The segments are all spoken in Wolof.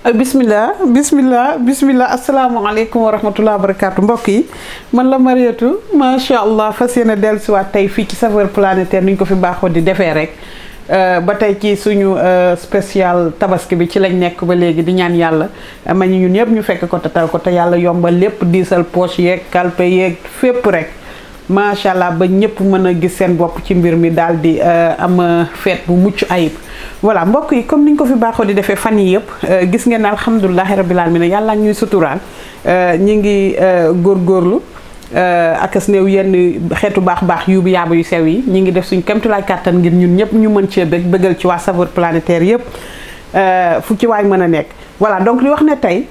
bismillah bismillah bismillah asalaamaaleykum wa rahmatullah wa barakaatu mbokk yi man la Mariétou macha allah fas yéene dellusiwaat tey fii ci saveur planétaire ni ñu ko fi baaxoo di defee rek. Euh, ba tey ci suñu euh, spécial tabaski bi ci lañ nekk ba léegi di ñaan yàlla ma ñun ñëpp ñu fekk ko te tal ko te yàlla yombal lépp diisal poche yeeg kalpe yeeg fépp rek. machallah ba ñepp mëna gis seen bop ci mbir mi daldi di euh, am euh, fête bu muccu ayib voilà mbokk yi comme niñ ko fi baxo di défé fan yi yëpp euh, gis ngeen alhamdullahi rabbil alamin yàlla ñuy euh ñi ngi gorlu euh akas neew yenn xétu bax bax yu yaabu yu sew yi ñi ngi def suñ kemtulaay kàttan ngir ñun ñepp ñu mën ci bëggal ci wa saveur planétaire yëpp fu ci way mëna nek voilà donc li wax ne tay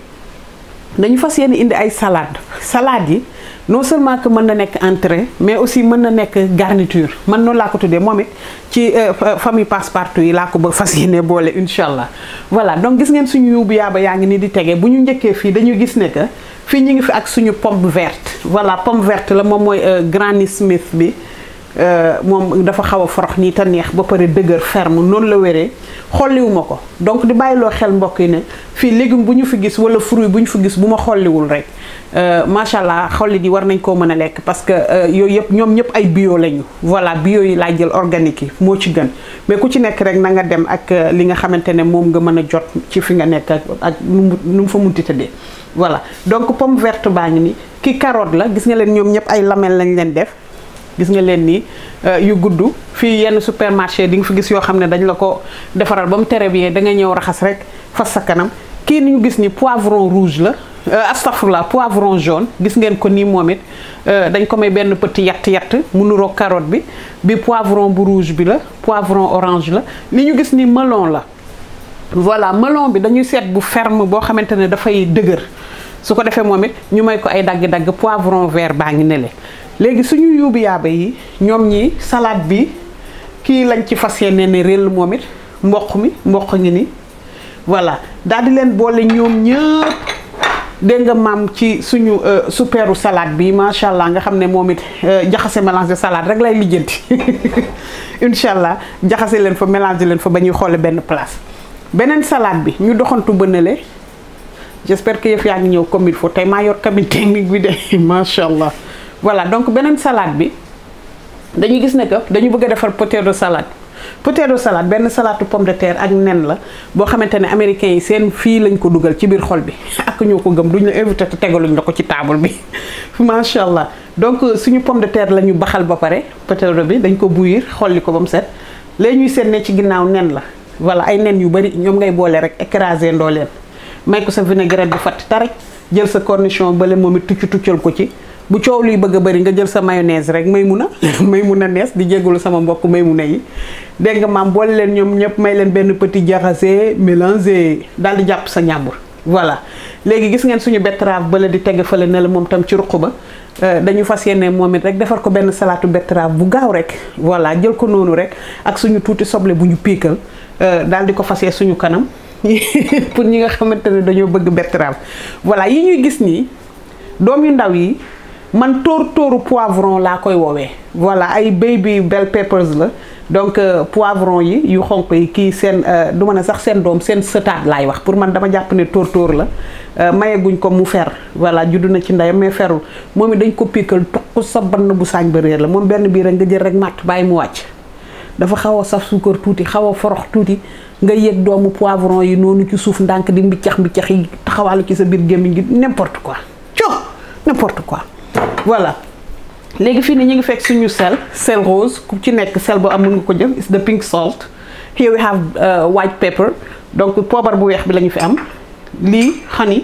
nañu fas yéene indi ay salade salade yi non seulement que mën na nekk entrée mais aussi mën na nekk garniture man noonu laa ko tuddee moom it ci euh, famille passe-partout yi laa ko ba fas yéene boole incha allah voilà donc gis ngeen suñu yóbbu yaaba yaa ngi nii di tegee bu ñu njëkkee fii dañu gis ne que fii ñu ngi fi ak suñu pomme vert voilà pomme verte la moom mooy euh, Granny Smith bi Euh, mom dafa xawa forox ni ta neex ba pare deuguer ferme non la wéree xolliwuma ko donc di bayilo xel mbokk yi ne fi légume buñu fi gis wala fruit buñu fi gis buma ma xolliwul rek euh machallah xolli di war nañ ko mëna lek parce que euh, yoy yep ñom ñep ay bio lañu voilà bio yi la jël organique mo ci gën mais ku ci nekk rek na nga dem ak euh, li nga xamantene mom nga mëna jot ci fi nga nekk ak num fa munti tëddee voilà donc pomme verte bañ ni ki carotte la gis nga len ñom ñep ay lamel lañ len def gis nga len ni euh, yu guddou fi yenn supermarché di nga fi gis yo xam dañ la ko défaral bam téré bien da nga ñew raxas rek fas sa kanam ki ni ñu gis ni poivron rouge la euh, astafurlah poivron jaune gis ngeen ko ni momit euh, dañ ko may benn petit yatt yatt mu nuroo carotte bi bi poivron bu rouge bi la poivron orange la li ñu gis ni melon la voilà melon bi dañuy seet bu ferme bo xamantene da fay dëgër su ko defee momit ñu may ko ay dag dag poivron vert baa ngi nele léegi suñu yuubu yaaba yi ñoom ñi salaat bi kii lañ ci fas yéene ne réel moom it mboq mi mboq ngi ni voilà daal di leen boole ñoom ñëpp dégg nga maam ci suñu euh, supeeru salaat bi macha allah nga xam ne moom it euh, jaxase mélange de salade rek lay lijjanti incha allah jaxase leen fa mélange leen fa ba ñuy xoole benn place beneen salaat bi ñu doxantu bënale j'espère que yëf yaa ngi ñëw comme il faut tey maa yor cabine technique bi de macha allah. voilà donc beneen salaat bi dañu gis ne que dañu bëgg a defar potato salade potato salaat benn salaatu pomme de terre ak nen la boo xamante ne américains yi seen fii lañ ko dugal ci biir xol bi ak ñoo ko gëm duñ la invité te tegaluñ la ko ci table bi macha allah donc euh, suñu pomme de terre la ñu baxal ba pare potato bi dañ ko xol xolli ko ba mu set léegi ñuy seetne ci ginnaaw nen la voilà ay nen yu bari ñoom ngay boole rek écrasé ndoo leen may ko sa vinaigrette bu fatt tarek jël sa cornichon bale moom it tucc tuccal ko ci bu coow luy bëgg a bëri nga jël sa mayonnaise rek may mun a may mun a nees di jégalu sama mbokk may mun a yi dégg nga maam boole leen ñoom ñëpp may leen benn petit jaxase mélangé daal di jàpp sa njàmbur voilà léegi gis ngeen suñu betterave bala di tege fële ne la moom tam ci ruq ba euh, dañu fas yéene moom it rek defar ko benn salaatu betterave bu gaaw rek voilà jël ko noonu rek ak suñu tuuti soble bu ñu piikal euh, daal di ko fasee suñu kanam pour ñi nga xamante ne dañoo bëgg betterave voilà yi gis nii ndaw yi man tóor tóoru poivron laa koy woowee voilà ay baby bell peppers la donc euh, poivron yi yu xonq yi kii seen euh, du ma ne sax seen doom seen sëtaat laay wax pour man dama jàpp ne tóor tóor la euh, mayeguñ ko mu fer voilà juddu na ci ndeyam mais ferul moom it dañ ko piikal tuq sa bann bu saañ ba la moom benn bii rek nga jël rek matt bàyyi mu wàcc dafa xaw a saf suukar tuuti xaw a forox tuuti nga yëg doomu poivron yi noonu ci suuf ndànk di mbiccax mbiccax yi taxawaalu ci sa biir gémmiñ gi n'importe quoi co n'importe voilà léegi fii ni ñu ngi fekk suñu sel sel rose ku ci nekk sel boo am mën nga ko jëm it's the pink salt here we have uh, white pepper donc poobar bu weex bi lañu fi am lii honey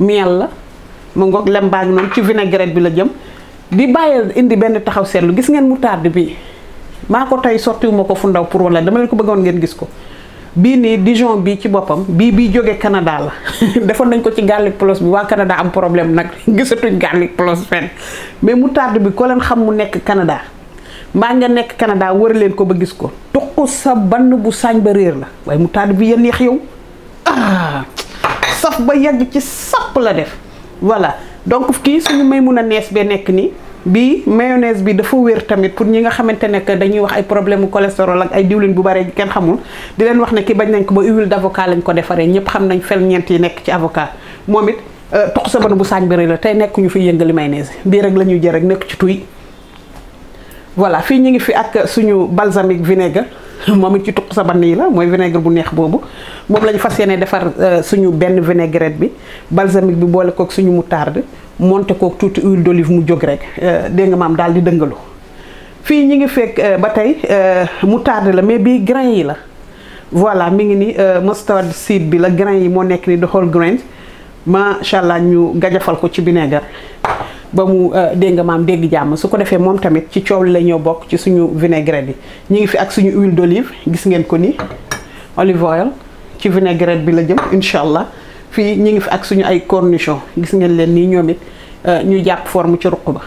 miel la mu ngoog lem baa ngi noonu ci vinaigrette bi la jëm di bàyyil indi benn taxaw seetlu gis ngeen moutarde bi maa ko tey sottiwuma ko fu ndaw pour wala dama leen ko bëggoon ngeen gis ko bii nii Dijon bii ci boppam bii bii jógee kanadaa la defoon nañ ko ci garlic plus bi waa Canada am problème nag gisatuñ garlic plus fenn mais moutarde bi ko leen xam mu nekk Canada mbaa nga nekk Canada wër leen ko ba gis ko tuq sa ban bu saañ ba réer la waaye moutarde bi yéen neex yow ah saf ba yàgg ci sapp la def voilà donc kii suñu may mun a nees bee nekk nii bii mayonnaise bi dafa wér tamit pour ñi nga xamante ne que dañuy wax ay problème mu cholestérol ak ay diwlin bu bare kenn xamul di leen wax ne ki bañ nañ ko ba huile d' avocat lañ ko defaree ñëpp xam nañ fel ñeent yi nekk ci avocat moom it euh, toq sa bën bu saañ bëri la tey nekk ñu fi yëngali mayonnaise bii rek la ñuy jël rek nekk ci tuy voilà fii ñu ngi fi ak suñu balsamique vinaigre moom it ci tuq sa bann yi la mooy vinaigre bu neex boobu moom lañu fas yéene defar euh, suñu benn vinaigrette bi balsamique bi boole kook suñu moutarde monté kook tuuti huile d'olive mu jóg rek euh, dégg nga maam daal di dëngalu fii ñu ngi fekk euh, ba tey moutarde la mais bi grain yi la voilà mi ngi ni mustard seed bi la grain yi moo nekk ni the whole grain macha allah ñu gajafal ko ci vinaigre ba mu euh, dégg nga maam dégg jàmm su ko defee moom tamit ci coow li la bokk ci suñu vinaigrette yi ñu ngi fi ak suñu huile d'olive gis ngeen ko ni olive oil ci vinaigrette bi la jëm incha allah fii ñu ngi fi ak suñu ay cornichon gis ngeen leen nii ñoom it euh, ñu jàpp forme ci ruq ba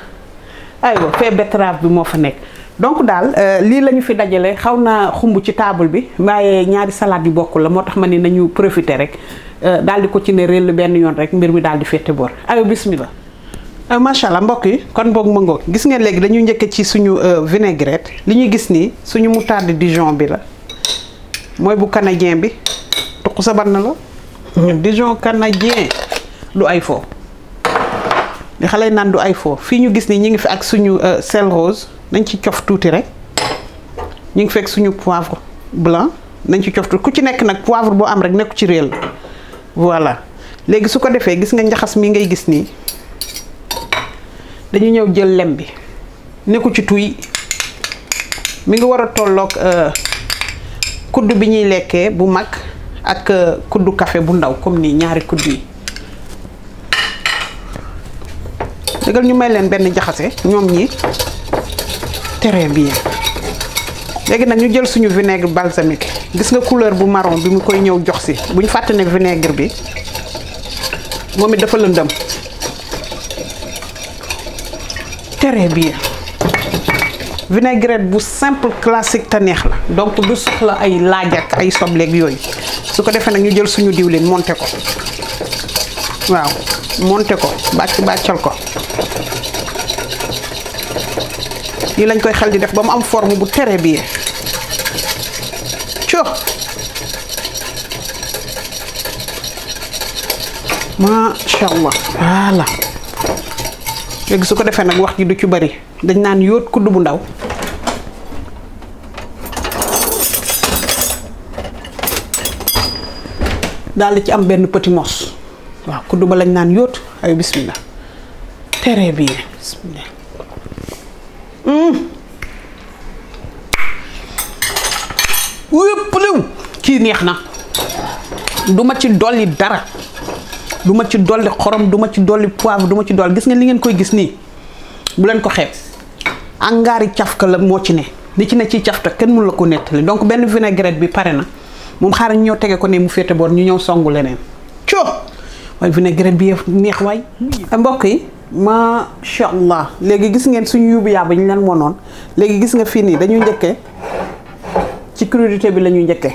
aywa fee betterave bi moo fa nekk donc daal euh, lii lañu fi dajale xaw naa xumb ci taabul bi waaye ñaari salade yi bokkul la moo tax ma ne nañu profiter rek daal di ko ci ne réel benn yoon rek mbir mi daal di féete boor aywa bismillah Euh, macha allah mbokk yi kon boog ma ngoog gis ngeen léegi dañuy njëkke ci suñu euh, vinaigrette li ñuy gis nii suñu moutarde Dijon bi la mooy bu canadien bi tuq sa ban la. Mhm. Dijon canadien du ay fo. li xale yi naan du ay foo fii ñu gis nii ñu ngi fi ak suñu euh, sel rose nañ ci cof tuuti rek ñu ngi fekk suñu poivre blanc nañ ci cof tuuti ku ci nekk nag poivre boo am rek nekku ci réel voilà léegi su ko defee gis nga njaxas mi ngay gis nii. dañu ñëw jël lem bi nekku ci tuy mi ngi war a tolloog euh, kudd bi ñuy lekkee bu mag ak euh, kuddu kafe bu ndaw comme nii ñaari kudd yi dëggal ñu may leen benn jaxase ñoom ñi très bien léegi nag ñu jël suñu vinaigre balsamique gis nga couleur bu marron bi mu koy ñëw jox si bu ñu fàtte ne vinaigre bi moom it dafa lëndëm très bien vinaigrette bu simple classique te neex la donc du soxla ay laaj ak ay ak yoy su ko defé nak ñu jël suñu diwlin monte ko waaw monte ko bàcc bàccal ko lii lañ koy xal di def ba mu am forme bu téré bi bien co macha allah voilà léegi suko defé nak wax ji du ci bari dañ nan yóot kudd bu ndaw dal ci am benn petit mos wa kudd ba lañ nan yóot ay bismillah téré bi bismillah wuyep lew ki neex na duma ci doli dara duma ci dolli xorom duma ci dolli poivre duma ci dolli gis ngeen li ngeen koy gis ni bu len ko xet angari tiafka la mo ci ne li ci ne ci tiafta ken mu la ko netali donc ben vinaigrette bi paré na moom xara ñoo tege ko ne mu fété bor ñu ñëw songu leneen cho way vinaigrette bi neex way eh, mbokk yi ma sha allah legi gis ngeen suñu yubu ya bañ lan leen wonoon gis nga fini dañu ñëkke ci crudité bi lañu ñëkke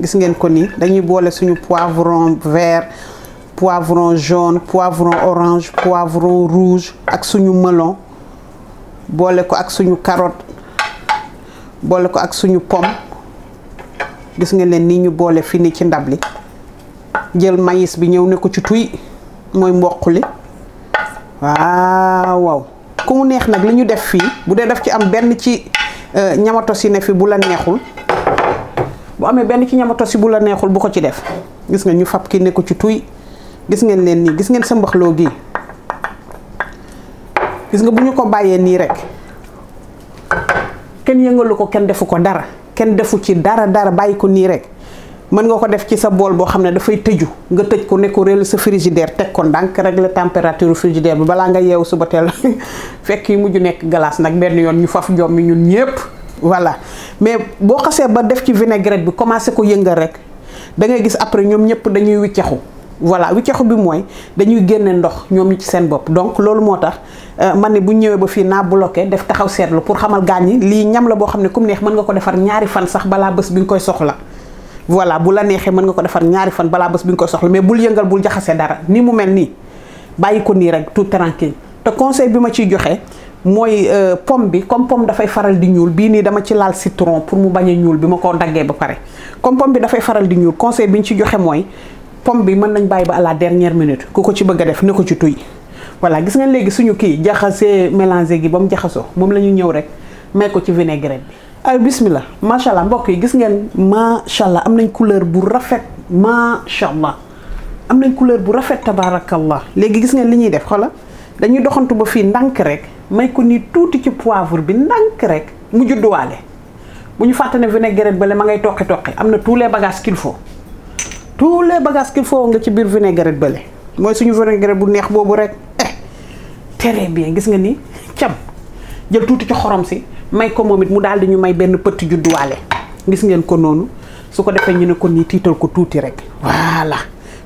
gis ngeen ko ni dañuy bolé suñu poivron vert poivron jaune poivron orange poivron rouge ak suñu melon bolé ko ak suñu carotte bolé ko ak suñu pomme gis nga len ni ñu bolé fini ci ndabli. jël maïs bi ñew ne ko ci tuy moy mboq waaw waaw ku mu neex nak li ñu def fi, bu daf ci am benn ci euh, ñamato si ne fi bu la neexul bu amé benn ci ñamato si bu la neexul bu ko ci def gis nga ñu fab ki ne ko ci tuy gis ngeen len ni gis ngeen sa lo gi gis nga buñu ko bàyyee ni rek ken yëngalu ko kenn defu ko dara ken defu ci dara dara bàyyi ko nii rek man nga ko def ci sa bol bo xamne da fay teju nga tej ko ne ko réel sa frigidaire tek ko rek le température frigidaire bi bala nga yew suba fekk yi muju nek glace nak ben yon ñu faf jom ñun ñepp voilà mais bo xasse ba def ci vinaigrette bi commencé ko yëngal rek da ngay gis après ñom ñepp dañuy wiccaxu voilà wiccaxu bi mooy dañuy génne ndox ñoom ñu ci seen bopp donc loolu moo tax euh, man ne bu ñëwee ba fii naa bloqué def taxaw seetlu pour xamal gaañ ñi lii ñam la boo xam ne kum neex mën nga ko defar ñaari fan sax balaa bés bi nga koy soxla voilà bu la neexee mën nga ko defar ñaari fan balaa bés bi nga koy soxla mais bul yëngal bul jaxasee dara ni mu mel nii bàyyi ko nii rek tout tranquille te conseil bi ma ciy joxe mooy euh, pom bi comme pom dafay faral di ñuul bii nii dama ci laal citron pour mu bañ a ñuul bi ma ko daggee ba pare comme bi dafay faral di ñuul conseil bi ñu ci joxe mooy pomme bi mën nañ bàyyi ba à la dernière minute ku ko ci bëgg a def ne ko ci tuy voilà gis nga léegi suñu kii jaxasee mélangé gi ba mu jaxasoo moom la ñu ñëw rek may ko ci vinaigrette bi ay bismillah macha allah mbokk yi gis ngeen macha allah am nañ couleur bu rafet macha allah am nañ couleur bu rafet tabaarakallah léegi gis ngeen li ñuy def xoola dañuy doxantu ba fii ndànk rek may ko ni tuuti ci poivre bi ndànk rek mu judduwaale bu ñu fàtte ne vinaigrette bale ma ngay toqi toqi am na tous les bagages qu'il tous les bagages qu'il faut nga ci biir vinaigrette bële mooy suñu vinaigrette bu neex boobu rek eh très bien gis nga ni cam jël tuuti ci xorom si may ko moom it mu daal di ñu may benn pëtt judduwaale gis ngeen ko noonu su ko defee ñu ne ko nii tiital ko tuuti rek voilà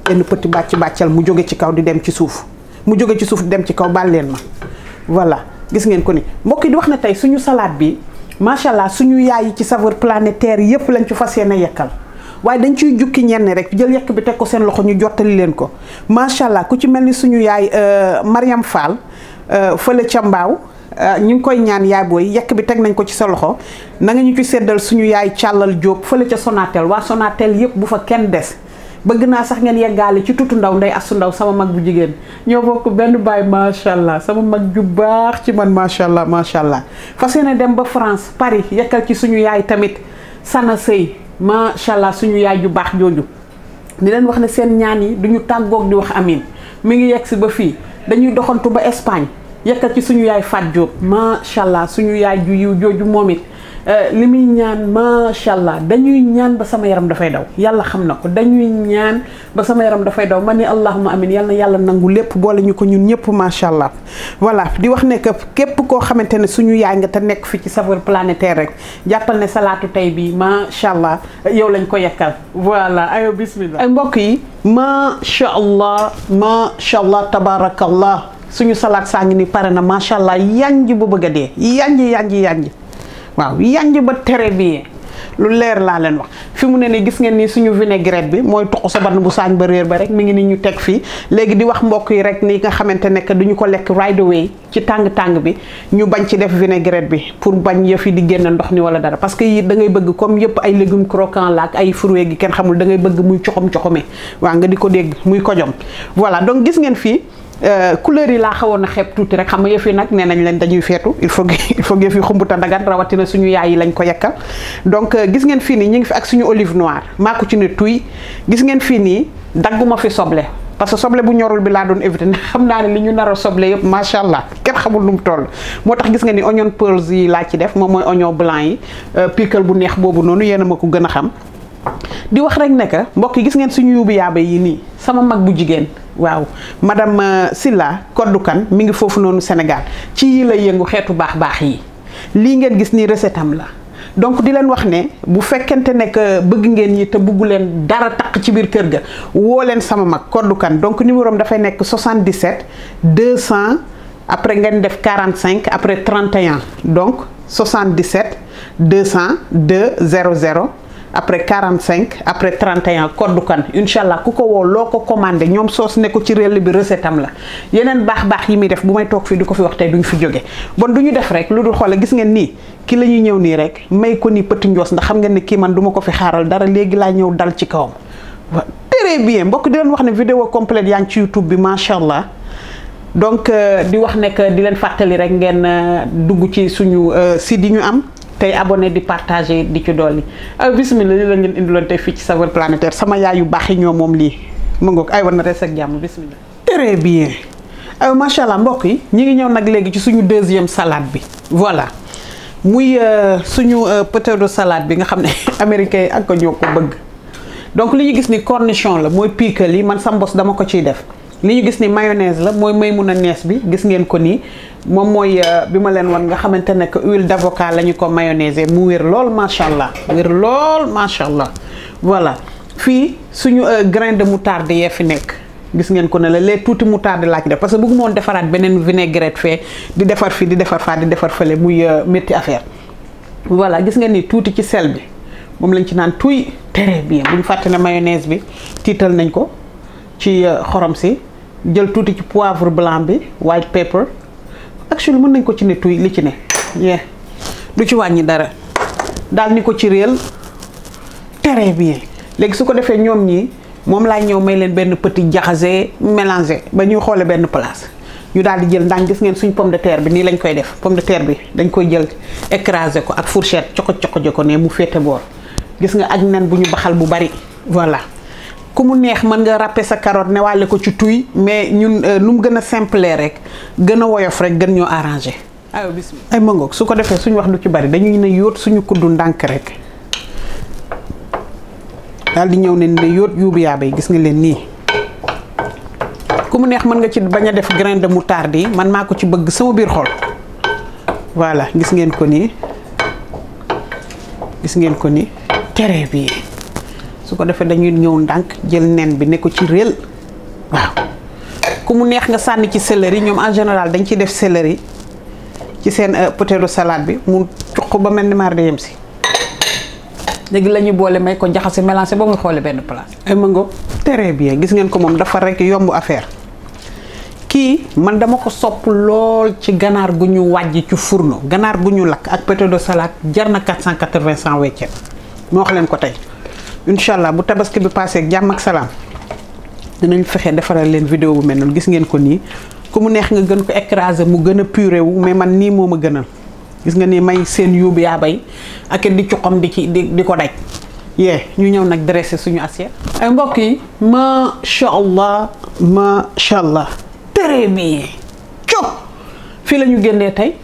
benn pëtt bàcc bàccal mu jóge ci kaw di dem ci suuf mu jóge ci suuf di dem ci kaw baal leen ma voilà gis ngeen ko ni mbokk yi di wax na tey suñu salaat bi macha allah suñu yaay yi ci saveur planétaire yépp lañ ci fas yéene yekkal waaye dañ ciy jukki ñenn rek jël yekk bi teg ko seen loxo ñu jottali leen ko macha allah ku ci mel ni suñu yaay euh, Mariam Fall euh, fële ca Mbaaw euh, ñu ngi koy ñaan yaay booy yekk bi teg nañ ko ci sa loxo na nga ñu ci seddal suñu yaay càllal Diop fële ca Sonatel waa Sonatel yëpp bu fa kenn des bëgg naa sax ngeen yeggaale ci tutu ndaw ndey asu ndaw sama mag bu jigéen ñoo bokk benn baay macha allah sama mag ju baax ci man macha allah macha allah fas dem ba France Paris yekkal ci suñu yaay tamit sana sëy macha allah suñu yaay ju baax jooju di leen wax ne seen ñaan yi duñu tàggoog di wax amin mi ngi yegg si ba fii dañuy doxantu ba Espagne yekkal ci suñu yaay Faat Jóob macha allah suñu yaay ju yiw jooju moom it Eh, limi ñaan ma sha allah dañuy ñaan ba sama yaram fay daw yalla xam na ko dañuy ñaan ba sama yaram fay daw ma allahumma amin yalla yalla nangul lepp boole ko ñun ma sha allah voilà di wax ne kepp ko xamantene suñu yaay nga ta nek fi ci saveur planétaire rek jappal ne salatu tay bi sha allah yow lañ ko yakkal voilà ayo bismillah ay mbokk yi sha allah sha allah tabarakallah suñu salat sangini ngi ni pare na macha allah ji bu bëgg ji yañ ji yañ ji waaw yanj ba tere bi lu leer laa leen wax fi mu ne ni gis ngeen ni suñu vinaigrette bi mooy tuq sa ban bu saañ ba réer ba rek mi ngi ni ñu teg fii léegi di wax mbokk yi rek nii nga xamante nekk duñu ko lekk right away ci tàng tàng bi ñu bañ ci def vinaigrette bi pour bañ ya yi di génn ndox ni wala dara parce que yi da ngay bëgg comme yëpp ay légumes croquants la ay ay fruits gi kenn xamul dangay bëgg muy coxom coxome waa nga di ko dégg muy kojom voilà Euh, couleur yi laa xawoon na xeeb tuuti rek xam nga yëf yi nag nee nañ leen dañuy feetu il faut il faut yëf yi xumbuta ndagat rawatina suñu yaay yi lañ ko yekkal donc euh, gis ngeen fii nii ñu ngi fi ak suñu olive maa ko ci ne tuy gis ngeen fii nii dagguma fi soble parce que soble bu ñorul bi laa doon éviter ndax xam naa ne li ñu nara a soble yëpp macha allah kenn xamul nu mu toll moo tax gis nga ni oignon pearls yi laa ci def moom mooy oignon blanc yi euh, pickle bu neex boobu noonu yéen a ma ko gën a xam di wax rek ne que mbokk yi gis ngeen suñu yuubu yaabe yi nii sama mag jigéen waaw madame euh, Silla koddukan Kan mi ngi foofu noonu Sénégal ci yi lay yëngu xeetu baax baax yi lii ngeen gis nii recette am la donc di leen wax ne bu fekkente ne bëgg ngeen ñi te bëggu leen dara taq ci biir kër ga woo leen sama mag koddukan donc numéro am dafay nekk 77 200 après ngeen def 45 après an donc 77 200 200. après 45 après 31 du kan inshallah kuko wo loko commander ñom sos ne ko ci réel bi recettam la yenen bax bax yi mi def bu may tok fi diko fi wax tay duñ fi joggé bon duñu def rek luddul xol gis ngeen ni ki lañu ñew ni rek may ko ni petit ndios ndax xam ngeen ni ki man duma ko fi xaaral dara légui la ñew dal ci kawam très bien mbokk di len wax ni vidéo complète yaang ci youtube bi machallah donc euh, di wax nek di len fatali rek ngeen euh, dugg ci suñu euh, site yi ñu am tey abonné di partagé di ci dolli euh, bismilla li la ngeen indiloon tey fii ci saveur planétaire sama yaay yu baax yi ñoo moom lii mu ngoog ay war na res ak jàmm bismilla très bien euh, macha allah mbokk yi ñi ngi ñëw nag léegi ci suñu deuxième salade bi voilà muy euh, suñu potato salaat bi nga xam ne américain yi ak ko ñoo ko bëgg donc li ñu gis ni cornichon la mooy piikal yi man sa mbos dama ko ciy def li ñu gis ni mayonnaise la mooy may mun a nees bi gis ngeen ko nii moom mooy euh, bi ma leen wan nga xamante ne que huile d'avocat la ñu ko mayonnaise mu wér lool macha allah wér lool macha allah voilà fii suñu euh, grande de moutarde yee fi nekk gis ngeen ko ne la léegi tuuti moutarde laa ci def parce que bëgguma woon defaraat beneen vinaigrette fee di defar fii di defar faa di defar fële muy euh, métti affaire voilà gis ngeen ni tuuti ci sel bi moom lañ ci naan tuy très bien bu ne mayonnaise bi tiital nañ ko ci xorom si. jël tuuti ci poivre blanc bi white pepper actually mën nañ ko ci ne tuy li ci ne yee du ci wàññi dara daal ni ko ci réel tere bien léegi su ko defee ñoom ñi moom laay ñëw may leen benn petit jaxase mélanger ba ñuy xoole benn place ñu daal di jël ndax gis ngeen suñ pomme de terre bi nii lañ koy def pomme de terre bi dañ koy jël écrasé ko ak fourchette coko coko je ne mu féete boor gis nga ak nen bu ñu baxal bu bari voilà ku mu neex mën nga ràppe sa karoot ne wàlle ko ci tuy mais ñun euh, nu mu gën a simple rek gën a woyof rek gën ñoo arrangé aywa bismillah ay su ko defee suñu wax du ci bari dañuy ne yóot suñu kudd ndànk rek daal ñëw ne ne yoot yuubu yaaba gis nga leen nii ku mu neex mën nga ci bañ a def grain de moutarde yi man maa ko ci bëgg sama biir xol voilà gis ngeen ko nii gis ngeen ko nii tere bii su ko defee dañuy ñëw ndànk jël nen bi ne ko ci réel waaw ku mu neex nga sànni ci céleri ñoom en général dañ ciy def céleri ci seen euh, potéro salaat bi mu cuq ba mel ni maar de yem si léegi la boole may ko jaxase mélangé ba muy xoole benn place. Eh, ay mango très bien gis ngeen ko moom dafa rekk yomb affaire kii man dama ko sopp lool ci ganaar gu ñu wàjj ci fourneau ganaar gu ñu lakk ak potéro salaat jar na 480 cent weccet moo wax leen ko tey inshallah bu tabaski bi passé ak jamm ak salam dinañ fexé défaral leen vidéo bu mel non gis ngeen ko ni ku mu neex nga gën ko écraser mu gëna puré wu mais man ni moma gënal gis nga ni may seen yub ya bay ak di ci xom di ci di ko daj ye ñu ñew nak dresser suñu assiette ay mbokk yi ma sha Allah ma sha Allah très bien ciop fi lañu gënné tay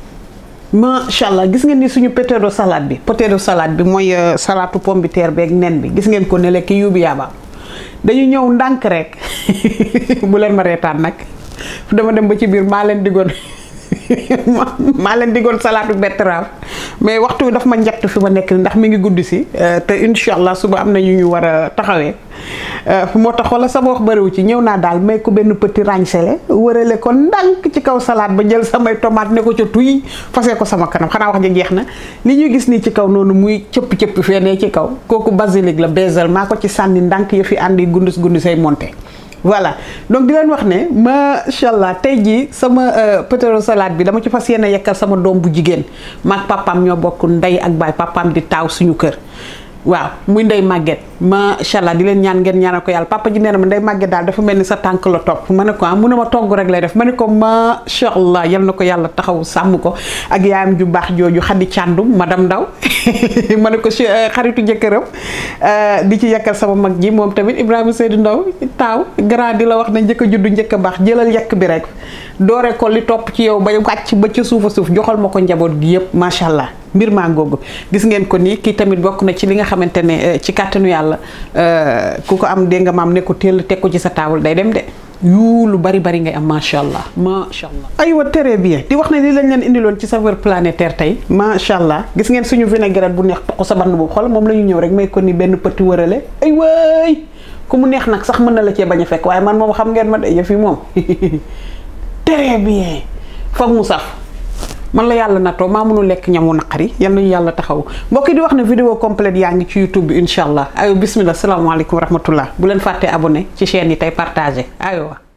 macha allah gis ngeen ni suñu potato salaat bi potato salade bi mooy euh, salaatu pomme de terre beeg nen bi gis ngeen ko ne lekk yóbbu ba dañu ñëw ndànk rekk bu leen ma reetaan nag dama dem ba ci biir maa leen digoon maa leen diggoon salaatu betterave mais waxtu wi daf ma njett fi ma nekk ndax mi ngi guddi si euh, te incha allah suba am na ñu ñu war a taxawee euh, moo tax wala sama wax bëriwu ci ñëw naa daal may ko benn petit ràñsele wërale ko ndànk ci kaw salaat ba jël samay tomate ne ko ca tuy fase ko sama kanam xanaa wax ja jeex na ni ñuy gis nii ci kaw noonu muy cëpp cëpp fenee ci kaw kooku basilic la beesal maa ko ci sànni ndànk ya fi àndi gundus gundusay monté voilà donc di leen wax ne macha allah tey jii sama euh, potato salaat bi dama ci fas yéene yekkal sama doom bu jigéen maag papaam ñoo bokk ndey ak baay papaam di taaw suñu kër. waaw muy ndey Ma sha allah di len ñaan ngeen ñaanal ko papa ji neena ma ndey màgget dal dafa melni sa tank la top mané ko ah, mu ne ma togg rek lay def mané ko ma sha allah yalla nako yalla taxaw sam ko ak yaayam ju bax joju xadi càndum madam ndaw mané ko euh, xaritu euh di ci yàkkal sama mag ji mom tamit ibrahim Seydou Ndaw taw grand di la wax na jëk a juddu jëk bax jëlal yekk bi rek doore ko li top ci yow ba wàcc ba suufa suuf joxal ma njabot gi yëpp sha allah mbir maa ngoogu gis ngeen ko nii kii tamit bokk na ci li nga xamante ne eh, ci kàttanu yàlla eh, ku ko am dégg nga maam ne ko teel teg ko ci sa taabul day dem de yuu lu bari bari ngay am macha allah macha allah. aywa très bien di wax ne li lañ leen indiloon ci saveur planétaire tey macha allah gis ngeen suñu vinaigrette bu neex toq sa bann boobu xool moom la ñu ñëw rek may ko ni benn petit wërale ay waay ku mu neex nag sax mën na la cee bañ a fekk waaye man moom xam ngeen ma de yëf yi moom très bien foog man la yàlla nattoo maa mënul lekk ñamu naqari yan nañu yàlla taxaw mbokk yi di wax ne vidéo complète yaa ngi ci youtube bi incha allah ayo bismillah salaamaaleykum wa rahmatullah bu leen fàttee abonné ci chaîne yi tey partagé ayo